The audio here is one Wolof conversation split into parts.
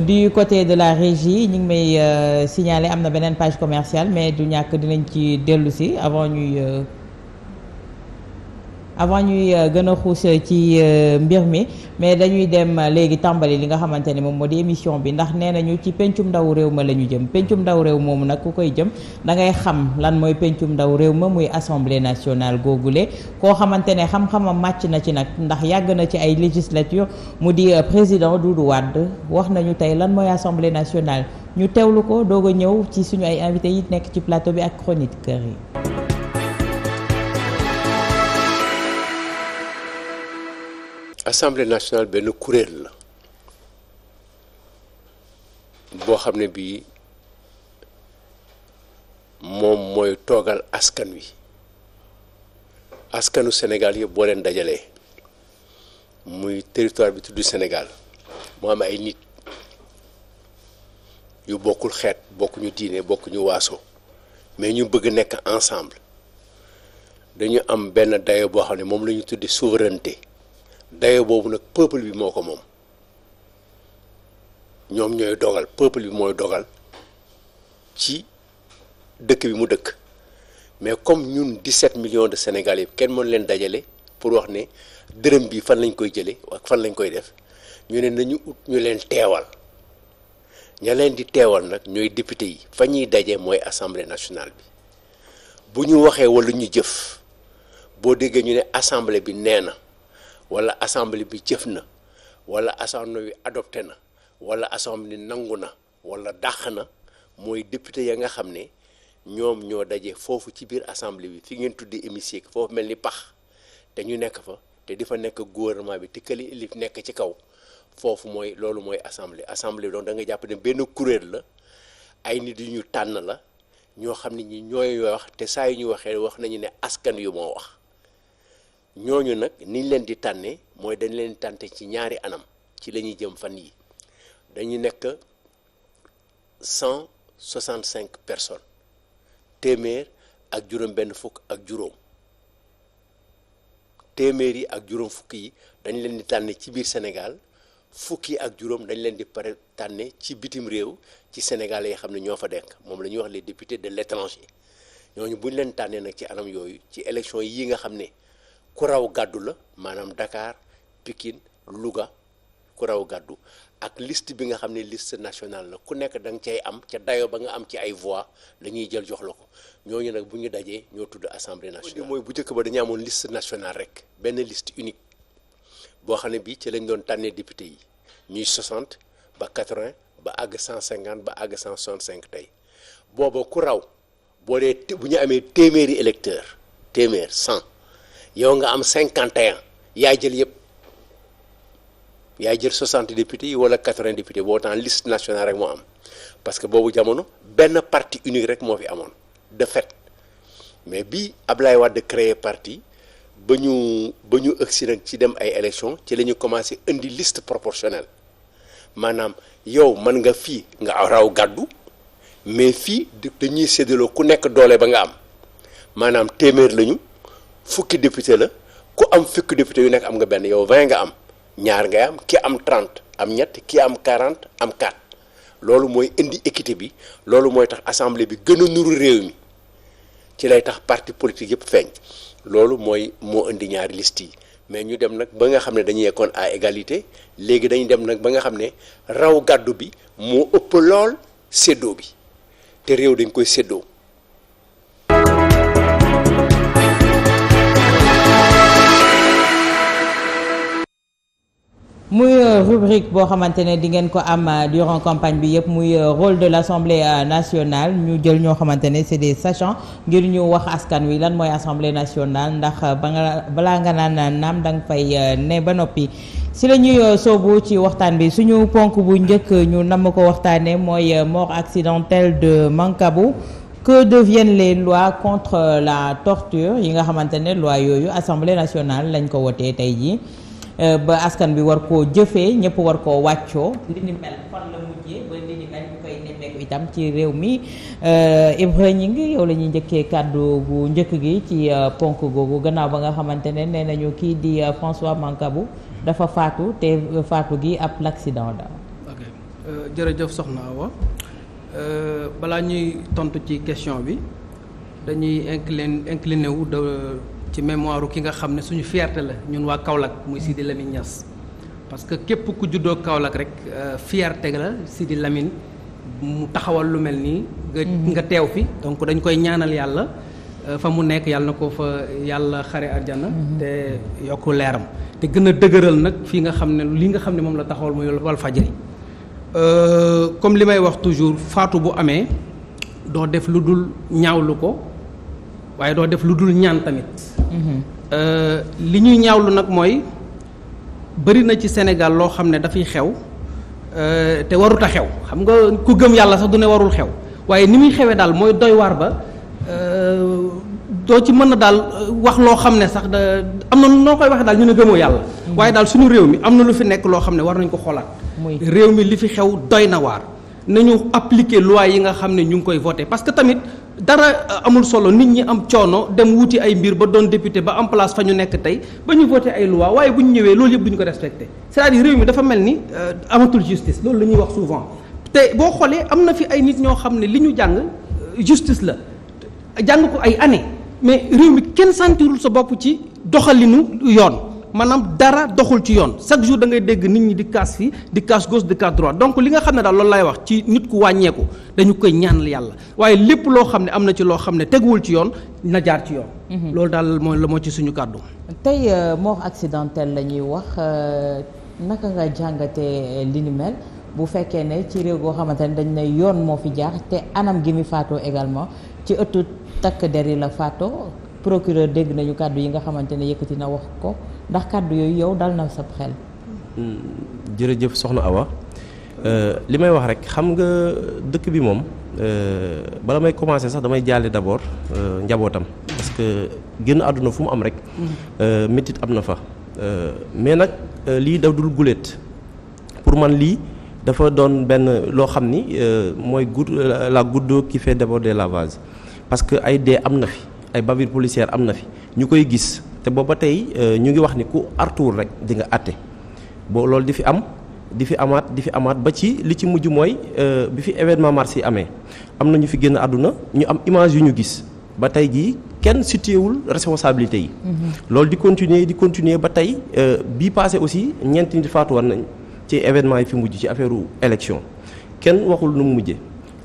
du côté de la régie ñu ngi may euh, signale am na beneen page commercial mais du ñàkk dinañ ci dellu si avant ñuy euh, avant ñuy euh, gën a xuus euh, ci euh, mbir mi mais dañuy dem léegi tàmbali li nga xamante ne moom moo di émission bi ndax nee nañu ci pencum ndaw réew ma la ñu jëm pencum ndaw réew moomu nag ku koy jëm da ngay xam lan mooy pencum ndaw réew ma muy assemblée nationale googule koo xamante ne xam màcc na ci nag ndax yàgg na ci ay législature mu di président du Wade wax nañu tey lan mooy assemblée nationale ñu teewlu ko doog a ñëw ci suñu ay invités yi nekk ci plateau bi ak chroniqueur yi assemblée nationale benn kuréel la boo xam ne bii moom mooy toogal askan wi askanu Sénégal yëpp boo leen dajalee muy territoire bi tudd Sénégal mu am ay nit yu bokkul xeet bokkuñu diine bokkuñu waaso mais ñu bëgg nekk ensemble dañu am benn dayo boo xam ne moom la ñu tudde souveraineté dayo boobu nag peuple bi moo ko moom ñoom ñooy dogal peuple bi mooy dogal ci dëkk bi mu dëkk mais comme ñun set millions de Sénégalais kenn mën leen dajale pour wax ne dërëm bi fan lañ koy jëlee ak fan lañ koy def ñu ne nañu ut ñu leen teewal ña leen di teewal nag ñooy député yi fa ñuy daje mooy assemblée nationale bi bu ñu waxee wala ñu jëf boo déggee ñu ne assemblée bi nee na wala assemblée bi jëf na wala assemblée bi adopté na wala assemblée nangu na wala dàq na mooy député ya nga xam ne ñoom ñoo daje foofu ci biir assemblée bi fi ngeen tuddee hémicycle foofu mel ni pax te ñu nekk fa te di fa nekk gouvernement bi te këli élif nekk ci kaw foofu mooy loolu mooy assemblée assemblée bi donc da nga jàpp ne benn kuréel la ay nit yu ñu tànn la ñoo xam ne ñi ñooy wax te saa yu ñu waxee wax nañu ne askan yu moo wax ñooñu nag niñ leen di tànnee mooy dañ leen tànte ci ñaari anam ci lañuy jëm fan yi dañu nekk cent soixante cinq personnes téeméer ak juróom benn fukk ak juróom téeméer yi ak juróom fukk yi dañu leen di tànne ci biir Sénégal fukki ak juróom dañ leen di pare tànne ci bitim réew ci Sénégal yi xam ne ñoo fa dekk moom la ñuy wax les députés de l'étranger ñooñu bu leen tànnee nag ci anam yooyu ci élection yi nga xam ne ku raw gàddu la maanaam dakaar Pikine Louga ku raw gàddu ak liste bi nga xam ne liste national la ku nekk da nga cay am ca dayo ba nga am ci ay voix la ñuy jël jox la ko ñooñu nag bu ñu dajee ñoo tudd assemblée nationale. mooy bu njëkk ba dañu amoon liste nationale rek benn liste unique boo xam ne bii ci lañ doon tànnee député yi ñuy 60 ba 80 ba àgg 150 ba àgg 165 tey booba ku raw boo dee bu ñu amee téeméeri électeur téeméer 100. yow nga am cinquante et un jël yëpp yaa jël soixante députés yi wala quatre-vingts députés boo temps list nationale rek moo am parce que boobu jamono benn parti unique rek moo fi amoon de fait mais bi Ablaye Wade créé parti ba ñu ba ñu ëgsi nag ci dem ay élection ci la ñu commencé indi liste proportionnelle maanaam yow mën nga fii nga raw gàddu mais fii dañuy séddaloo ku nekk doole ba nga am maanaam téeméer lañu fukki député la ku am fukki député yu nekk am nga benn yow 20 nga am ñaar ngay am ki am 30 am ñett ki am 40 am 4 loolu mooy indi équité bi loolu mooy tax assemblée bi gën a nuru réew mi ci lay tax parti politique yëpp feeñ loolu mooy moo indi ñaari liste yi mais ñu dem nag ba nga xam ne dañuy yekkoon à égalité léegi dañu dem nag ba nga xam ne raw gàddu bi moo ëpp lool séddoo bi te réew dañ koy séddoo. muy euh, rubrique boo xamante ne di ngeen ko am euh, durant campagne bi yëpp muy euh, rôle de l'Assemblée nationale ñu jël ñoo xamante ne c'est des sachants ngir ñu wax askan wi lan mooy Assemblée nationale ndax ba nga balaa nga naan naam danga fay ne ba noppi si la ñuy soobu ci waxtaan bi suñu ponk bu njëkk ñu namm ko waxtaanee mooy mort accidentelle de Mancabou que deviennent les lois contre la torture yi nga xamante ne loi yooyu Assemblée nationale lañ ko wotee tey jii Euh, ba askan bi war koo jëfee ñëpp war koo wàccoo li ni mel fan la mujjee ba li ni mel koy nemmeeku itam ci réew mi euh, Ibrahima ñi ngi yow la njëkkee kàddu bu njëkk gi ci euh, ponk googu gannaaw ba nga xamante ne nee nañu kii di François Mancabou dafa faatu te faatu gi ab l'accident la. jërëjëf soxna Awa balaa ñuy tontu ci question bi dañuy inclin incliné wu ci mémoire ki nga xam ne suñu fierté la ñun waa Kaolack muy Sidi Lamine Niass parce que képp ku juddoo Kaolack rek euh, fierté la Sidi Lamine mu taxawal lu mel nii. nga mhm. teew fi donc dañ koy ñaanal yàlla euh, fa mu nekk yàlla na ko fa yàlla xare arjana mhm. te yokk leeram te gën a dëgëral nag fii nga xam ne li nga xam ne moom la taxawal muy Walfadjri euh, comme li may wax toujours faatu bu amee doo def lu dul ñaawlu ko waaye doo def lu dul ñaan tamit Euh, li ñuy ñaawlu nag mooy bëri na ci Sénégal loo xam ne dafay xew euh, te warut a xew xam nga ku gëm yàlla sax du ne warul xew waaye ni muy xewee daal mooy doy waar ba euh, doo ci mën na daal wax loo xam ne sax da am na noo koy waxee daal ñu ne gëmoo yàlla. Mm-hmm. waaye daal suñu réew mi am na lu fi nekk loo xam ne war nañ ko xoolaat. réew mi li fi xew doy na waar. nañu appliquer luwaay yi nga xam ne ñu ngi koy voté parce que tamit dara amul solo nit ñi am coono dem wuti ay mbir ba doon député ba am place fa ñu nekk tey ba ñu voté ay loi waaye bu ñu ñëwee loolu yëpp du ñu ko respecté cest réew mi dafa mel ni euh, amatul justice loolu la ñuy wax souvent te boo xoolee am na fi ay nit ñoo xam ne li ñu jàng euh, justice la jàng ko ay années mais réew mi kenn sentirul sa bopp ci doxalinu yoon maanaam dara doxul ci yoon chaque jour da ngay dégg nit ñi di kaas fi di kaas gauche di kaas droite donc li nga xam ne daal loolu lay wax ci nit ku wàññeeku dañu koy ñaanal yàlla waaye lépp loo xam ne am na ci loo xam ne teguwul ci yoon na jaar ci yoon. Mhm. loolu daal mooy la moo ci suñu kàddu. tey euh, mort accidentelle lañuy ñuy wax euh, naka nga jàngate euh, li bu fekkee ne ci réew goo xamante ne dañ ne yoon moo fi jaar te anam gi mu faatoo également ci ëttu takk der yi la faatoo procureur dégg nañu kàddu yi nga xamante ne yëkkati na wax ko. ndax kàddu yooyu yow dal na sa xel. Hmm, jërëjëf soxna Awa euh, li may wax rek xam nga dëkk bi moom euh, bala may commencer sax damay jaale d'abord euh, njabootam parce que génn àdduna fu mu am rek. Hmm. métit am na fa. mais nag lii da dul guléet pour man lii dafa doon benn loo xam ni mooy goutte la goutte qui fait déborder le vase parce que ay dee am na fi ay bavure policière am na fi ñu koy gis. te booba tey euh, ñu ngi wax ni ku artuwul rek di nga àtte boo loolu di fi am di fi amaat di fi amaat ba ci li ci mujj mooy euh, bi fi événement mars yi amee am na ñu fi génn àdduna ñu am image yu ñu gis ba tey jii kenn situewul responsabilité yi. Mm-hmm. loolu di continuer di continuer ba tey euh, bii passé aussi ñeenti nit faatu war nañ ci événement yi fi mujj ci affaire élection kenn waxul nu mu mujjee.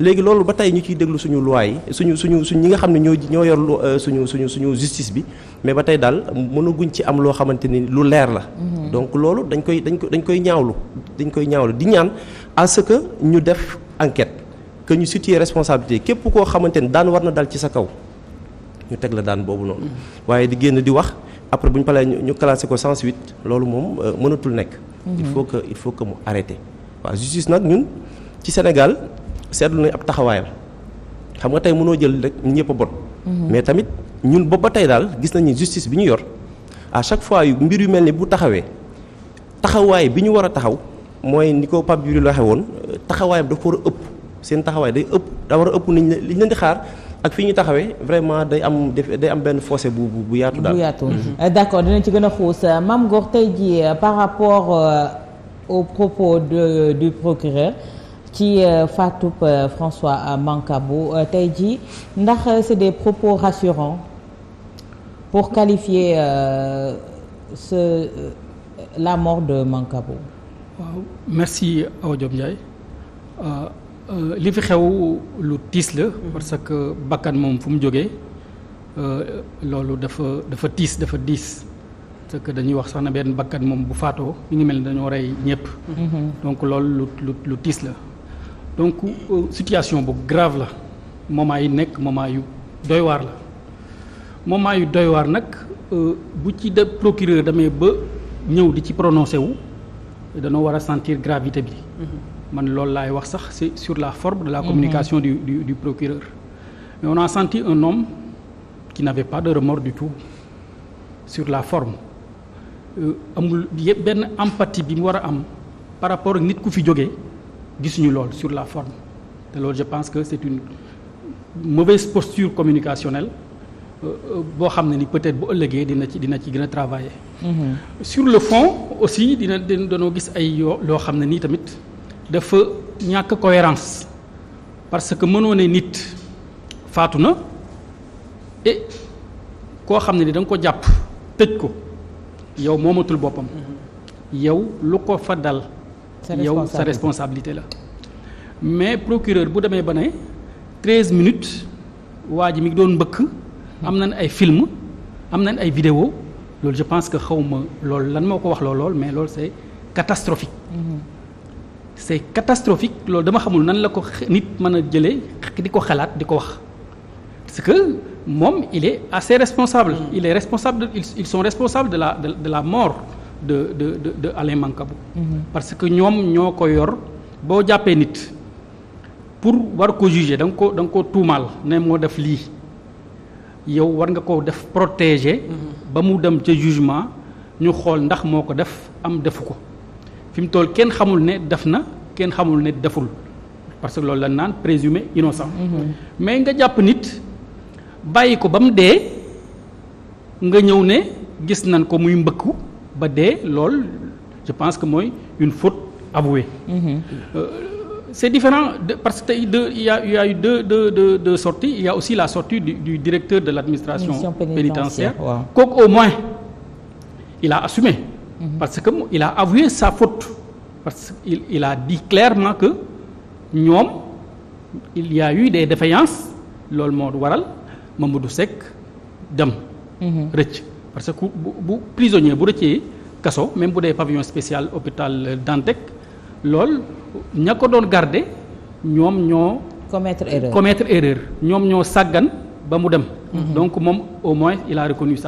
léegi loolu ba tey ñu ciy déglu suñu loi yi suñu suñu suñ ñi nga xam ne ñoo ñoo yor euh, suñu suñu suñu justice bi mais ba tey daal mënaguñ ci am loo xamante ni lu leer la. Mhm. donc loolu dañ koy dañ koy dañ koy ñaawlu dañ koy ñaawlu di ñaan à que ñu def enquête que ñu situer responsabilité képp koo xamante ni daan war na dal ci sa kaw ñu teg la daan boobu noonu. Mhm. waaye di génn di wax après bu ñu paree ñu classé ko sans suite loolu moom euh, mënatul nekk. Mhm. il faut que il faut que mu arrêté waaw justice nag ñun ci Sénégal. seetlu nañ ab taxawaayam xam nga tey mënoo jël rek ñëpp a bon. Mhm. mais tamit ñun boobu ba tey daal gis nañu justice bi ñu yor a chaque fois yu mbir yu mel ni bu taxawee taxawaay bi ñu war a taxaw mooy ni ko Pape Diouf waxee woon taxawaayam dafa war a ëpp seen taxawaay day ëpp da war a ëpp niñ liñ leen di xaar. ak fi ñu taxawee vraiment day am day am benn fossé bu bu yaatu daal bu yaatu mhm. euh, d'accord dina ci gën a xuus euh, Mame Gor tey jii euh, par rapport au propos de procureur ci euh, faatub euh, François euh, Mancabou tey jii ndax c'est des propos rassurants pour qualifier euh, ce la mort de Mancabou waaw merci Awa Diop Ndiaye li fi xew lu tiis la parce que bakkan moom fu mu jógee loolu dafa dafa tiis dafa diis parce que dañuy wax sax na benn bakkan moom bu faatoo mi ngi mel ni dañoo rey ñëpp mm-hmm. donc loolu lu tiis la donc euh, situation bu grave la moment yi nekk moment yu doy waar la moment yu doy waar nag euh, bu ci de procureur demee ba ñëw di ci prononcé wu dañoo war a sentir gravité bi mm-hmm. man loolu lay wax sax c'est sur la forme de la mm-hmm. communication du du, du procureur mais on un nom qui n'avait pas de remords du tout sur la forme euh, amul benn empathie bi mu war a am par rapport ak nit ku fi jógee gisuñu lool sur la forme te lool je pense que c'est une mauvaise posture communicationnelle euh, euh, boo xam ne ni peut-être bu ëllëgee dina ci dina ci gën a travailler. Mm-hmm. sur le fond aussi dina dina doonoo gis ay yo loo xam ne nii tamit dafa ñàkk cohérence parce que mënoo ne nit faatu na koo xam ne ni da ko jàpp tëj ko yow moomatul boppam. Mm-hmm. yow lu ko fa dal. yow sa responsabilité la mais procureur bu demee ba ne treize minutes waa ji mi ngi doon mbëkk am na nañ ay film am nañ ay vidéo loolu je pense que xaw ma loolu lan moo ko wax lool lool mais loolu c'est catastrophique mhm. c'est catastrophique loolu dama xamul nan la ko nit mën a jëlee di ko xalaat di ko wax parce que moom il est assez responsable mhm. il est responsable de, ils sont responsables la de, de la mort de de de de Alain mhm. parce que ñoom ñoo ko yor boo jàppee nit pour war ko juger da nga ko da nga ko tuumaal ne moo def lii yow war nga ko def protéger. Mhm. ba mu dem ca jugement ñu xool ndax moo ko def am defu ko fi mu toll kenn xamul ne def na kenn xamul ne deful parce que loolu la naan présumé innocent mhm. mais nga jàpp nit bàyyi ko ba mu dee nga ñëw ne gis nañ ko muy mbëkku ba dee lool je pense que mooy une faute avouée. Mm-hmm. Euh, c'est différent de parce que tey de il y a il y a eu deux deux deux deux il y a aussi la sortie du, du directeur de l'administration pénitentiaire kooku au moins il a assumé mm-hmm. parce que il a avoué sa faute parce que il, il a dit clairement que ñoom il y a eu des défaillances loolu moo waral Mamadou Seck dem mm-hmm. rëcc parce que bu bu prisonnier bu rëccee kaso même bu dee pavillon spécial hôpital Dantec lool ña ko doon garder ñoom ñoo. commettre erreur commettre erreur ñoom ñoo sàggan ba mu dem. Mhm. donc moom au moins il a reconnu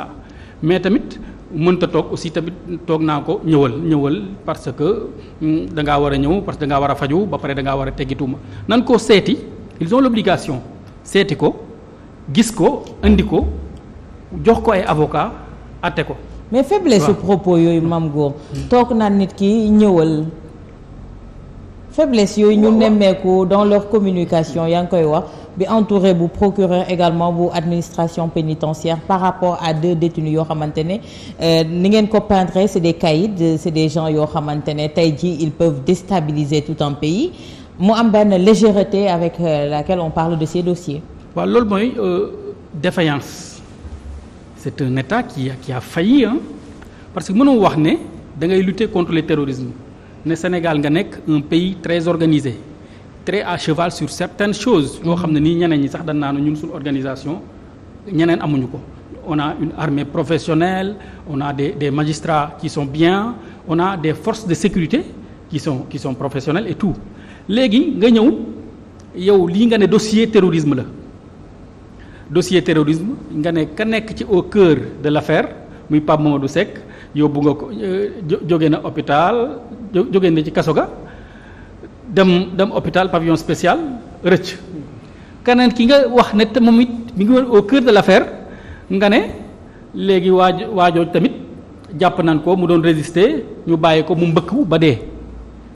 mais tamit. mënta toog aussi tamit toog naa ko ñëwal ñëwal parce que hmm, da ngaa war a ñëw parce que da ngaa war a faju ba pare da war a teggituma nan ko seeti ils ont l'obligation seeti ko gis ko indi ko jox ko ay avocat atte ko mais faiblesse su propos yooyu maam góor hmm. toog naa nit ki ñëwal faiblesse yooyu ñu nemmeeku dans leur communication yaa ngi koy wax bi entouré bu procureur également bu administration pénitentiaire par rapport à deux détenus yoo xamante ne euh, ni ngeen ko peindre c'est des caïds c'est des gens yoo xamante ne tey jii ils peuvent déstabiliser tout un pays mu am benn légèreté avec euh, laquelle on parle de ces dossiers waaw loolu mooy euh, défaillance c'est un état ki qui a failli parce que mënoo wax ne da ngay lutter contre le terrorisme ne Sénégal nga nekk un pays très organisé très à cheval sur certaines choses yoo xam ne nii ñeneen ñi sax dañ naan ñun suñu organisation ñeneen amuñu ko on a une armée professionnelle on a des des magistrats qui sont bien on a des forces de sécurité ki sont qui sont professionnelles et tout léegi nga ñëw yow lii nga ne dossier terrorisme la dossier terrorisme nga ne ka nekk ci au cœur de l'affaire muy Pape du Seck yóbbu nga ko euh, jóge na hôpital jóge na ci kaso ga dem dem hôpital pavillon spécial rëcc keneen ki nga wax ne te moom it mi ngi woon au cœur de l'affaire nga ne léegi waaj waajooj tamit jàpp nañ ko mu doon résister ñu bàyyi ko mu mbëkk ba dee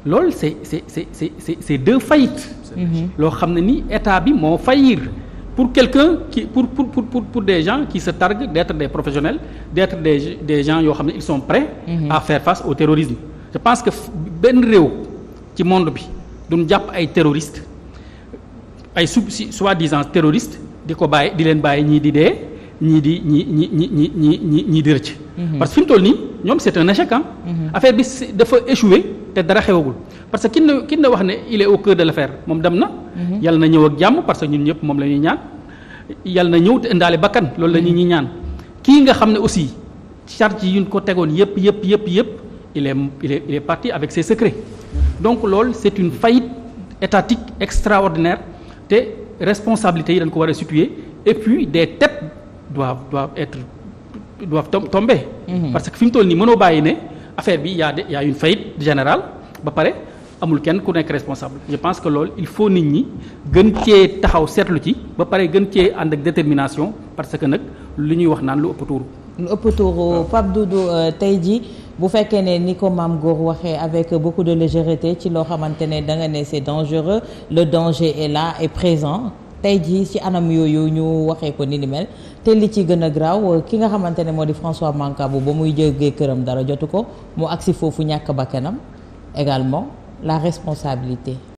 loolu c'est c'est c'est c'est c'est deux faillites loo xam ne ni état bi moo faillir pour quelqu'un qui pour pour pour pour des gens qui se targuent d'être des professionnels d'être des des gens yoo xam ne ils sont prêts mmh. à faire face au terrorisme je pense que benn réew ci monde bi duñ jàpp ay terroristes ay soit soi-disant terroristes di ko bàyyi di leen bàyyi ñii di dee ñii di ñi ñii ñii ñii ñii ñii ñii di rëcc mhm. parce que fi mu toll nii ñoom c'est un échec ah affaire bi dafa échoué te dara xewagul parce que ki la wax ne il est au cœur de l'affaire moom dem na. Mhm. yàlla na ñëw ak jàmm parce que ñun ñëpp moom la ñuy ñaan yàlla na ñëw te indaale bakkan loolu la ñuy ñaan kii nga xam ne aussi charge yuñ ko tegoon yëpp yëpp yëpp yëpp il est il est il est parti avec ses secrets donc loolu c'est une faillite étatique extraordinaire te responsabilités yi dañ ko war a situer et puis des têtes doivent doivent être doivent tomber. Mhm. parce que fi mu toll nii mënoo bàyyi ne affaire bi yaa a de y a ba pare. amul kenn ku nekk responsable je pense que lool il faut nit ñi gën cee taxaw seetlu ci ba pare gën cee ànd ak détermination parce que nag lu ñuy wax naan lu ëpp tuuru. lu ëpp tuuru Pape Doudou euh, tey jii bu fekkee ne ni ko maam Góor waxee avec beaucoup de légèreté ci loo xamante ne da nga ne c'est dangereux le danger est la et présent. tey jii ci anam yooyu ñu waxee ko ni li mel te li ci gën a graaw euh, ki nga xamante ne moo di François Mancabou ba muy jógee këram dara jotu ko mu agsi foofu ñàkk bakkanam également la responsabilité